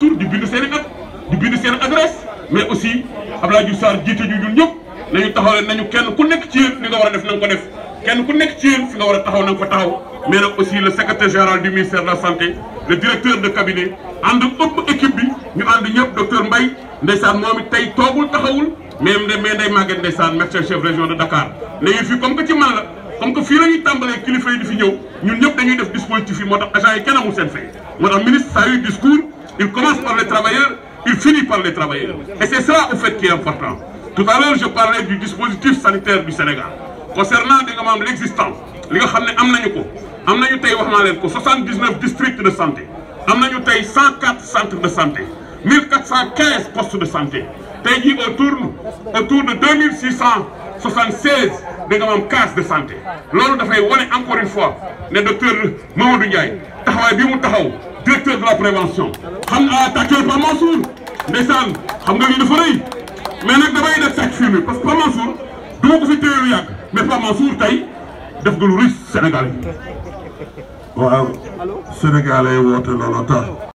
tur di bind seen i di bind seen adresse mais aussi Abdoulaye Diouf Sarr jiite ñu ñun ñëpp nañu taxaw nañu kenn ku nekk ci yéen li nga war def na ko def kenn ku nekk ci yéen fi nga war taxaw na nga ko taxaw mais nag aussi le secrétaire général du ministère de la santé le directeur de cabinet ànd ëpp équipe bi ñu ànd ñëpp docteur Mbaye ndeysaan moom it tey toogul taxawul mais mais Ndeye Maguette ndeysaan médecin chef région de Dakar léegi fii comme que ci man la comme que ñëpp dañuy def dispositif yi moo tax agent Il commence par les travailleurs, il finit par les travailleurs. Et c'est ça, au important. Tout je parlais du dispositif sanitaire du Sénégal. Concernant l'existant, li nga xam ne am nañu ko am nañu tey wax naa leen ko 79 districts de santé am nañu tey 104 centres de santé 1415 postes de santé tey jii autour autour de 2676 da nga am case de santé loolu dafay wane encore une fois ne docteur Mamadou Ndiaye taxawaay bi mu taxaw directeur de la prévention xam nga attaqué Pape Mansour ndeysaan xam nga lii dafa rëy mais nag damay def sàcc firme parce que Pape Mansour du ma ko fi téye lu yàgg mais Pape Mansour tey def nga lu rëy Sénégal yi waaw Sénégalais woote looloo